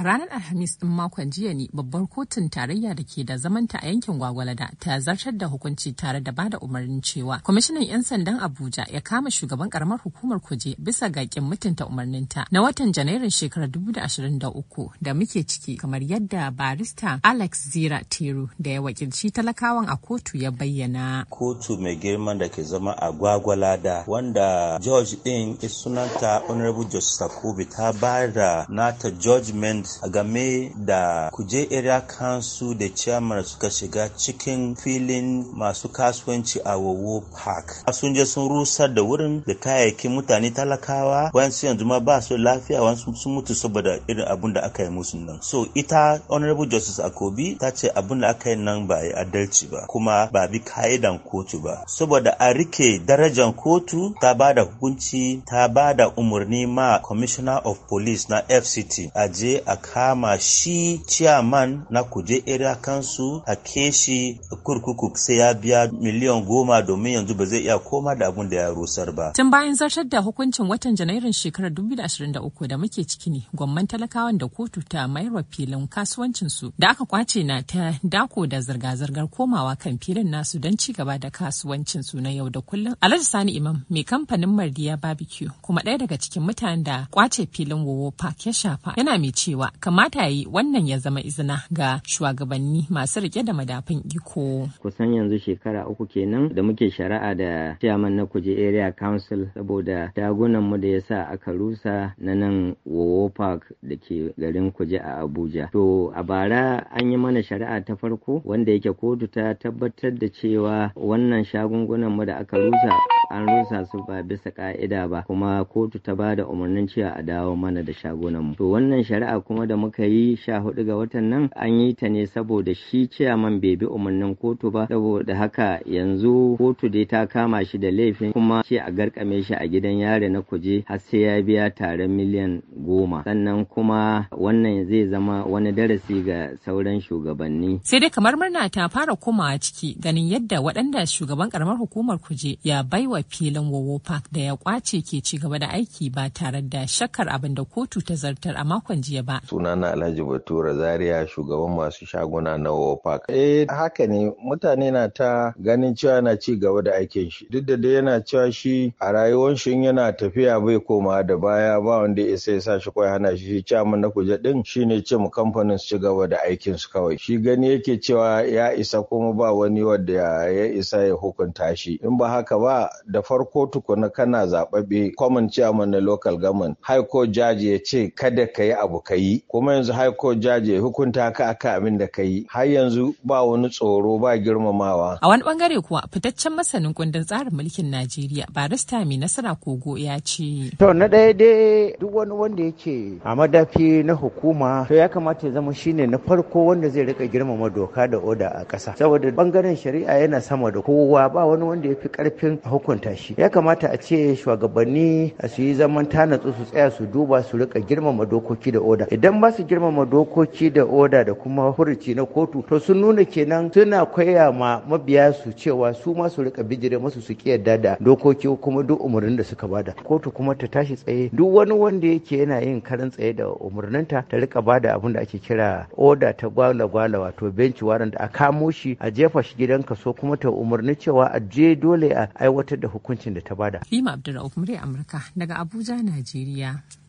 A ranar Alhamis ɗin makon jiya ne babbar kotun tarayya da ke da zamanta a yankin Gwagwalada ta zartar da hukunci tare da bada umarnin cewa kwamishinan 'yan sandan Abuja ya kama shugaban karamar hukumar kuje bisa ga kin mutunta umarninta na watan Janairun shekarar 2023 da da uku muke ciki kamar yadda barista Alex Zira Teru da ya wakilci talakawan a kotu ya bayyana. Kotu mai girman da ke zama a Gwagwalada wanda George din sunanta Honorable Joseph Kobe ta ba da nata judgment game da kuje area kansu da chairman suka shiga cikin filin masu kasuwanci a wowo park sun je sun rusar da wurin da kayayyakin mutane talakawa wayansu yanzu ma ba su lafiya wayansu sun mutu saboda irin abun da aka yi musu nan so ita honorable justice akobi ta ce abun da aka yi nan ba yi adalci ba kuma ba bi ka'idan kotu ba saboda a rike darajar kotu ta ba da hukunci ta ba da umarni ma commissioner of police na fct a je a kama shi chairman na kuje area kansu a keshi kurkuku sai ya biya miliyan goma domin yanzu ba zai iya koma da abun da ya rusar ba. Tun bayan zartar da hukuncin watan Janairun shekarar 2023 da muke ciki ne gwamman talakawan da kotu ta mayarwa filin kasuwancinsu da aka kwace na ta dako da zirga-zirgar komawa kan filin nasu don ci gaba da kasuwancinsu na yau da kullum. Alhaji Sani Imam mai kamfanin Mardiya Barbecue kuma ɗaya daga cikin mutanen da kwace filin Wowo Park ya shafa yana mai cewa kamata kamata yi wannan ya zama izina ga shugabanni masu rike da madafin iko. Kusan yanzu shekara uku kenan da muke shari'a da chairman na kuje area council saboda dagunan mu da ya sa aka rusa na nan Wowo Park da ke garin kuje a Abuja. To a bara an yi mana shari'a ta farko wanda yake kotu ta tabbatar da cewa wannan shagungunan mu da aka rusa an rusa su ba bisa ka'ida ba kuma kotu ta ba da umarnin cewa a dawo mana da shagunan mu to wannan shari'a kuma da muka yi sha hudu ga watan nan an yi ta ne saboda shi ciyaman bai bi umarnin kotu ba saboda haka yanzu kotu dai ta kama shi da laifin kuma ce a garkame shi a gidan yare na kuje har sai ya biya tare miliyan goma sannan kuma wannan zai zama wani darasi ga sauran shugabanni sai dai kamar murna ta fara komawa ciki ganin yadda waɗanda shugaban karamar hukumar kuje ya baiwa wa filin wowo park da ya kwace ke ci gaba da aiki ba tare da shakar abin da kotu ta zartar a makon jiya ba sunana alhaji Bature zaria shugaban masu shaguna na wowo park eh haka ne mutane na ta ganin cewa yana ci gaba da aikin shi duk da dai yana cewa shi a rayuwar shi yana tafiya bai koma da baya ba wanda ya sai sa shi kawai hana shi chairman na kuje din shine ce mu kamfanin su ci gaba da aikin su kawai shi gani yake cewa ya isa kuma ba wani wanda ya isa ya hukunta shi in ba haka ba da farko tukuna kana zaɓaɓe common chairman na local government high court judge ya ce kada ka yi abu ka yi kuma yanzu high court judge ya hukunta ka aka abin da ka yi har yanzu ba wani tsoro ba girmamawa. A wani bangare kuwa fitaccen masanin kundin tsarin mulkin Najeriya barista mai nasara kogo ya ce. To na ɗaya dai duk wani wanda yake a madafi na hukuma to ya kamata ya zama shine na farko wanda zai rika girmama doka da oda a ƙasa saboda bangaren shari'a yana sama da kowa ba wani wanda ya fi ƙarfin hukunta kimanta shi ya kamata a ce shugabanni su yi zaman tanatsu su tsaya su duba su rika girmama dokoki da oda idan ba su girmama dokoki da oda da kuma huruci na kotu to sun nuna kenan suna koya ma mabiya su cewa su ma su rika bijire masu su yarda da dokoki kuma duk umarnin da suka bada kotu kuma ta tashi tsaye duk wani wanda yake yana yin karin tsaye da umarninta ta rika bada abin da ake kira oda ta gwala gwala wato benci waran da a kamo shi a jefa shi gidan kaso kuma ta umarni cewa a je dole a aiwatar da hukuncin da ta bada. fima Abdulrauf murya Amurka daga Abuja, Najeriya.